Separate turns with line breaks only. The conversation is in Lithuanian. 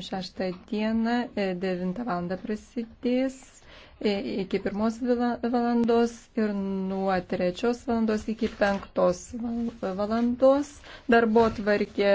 26 dieną 9 e, val. prasidės e, iki 1 valandos ir nuo 3 valandos iki 5 valandos darbo tvarkė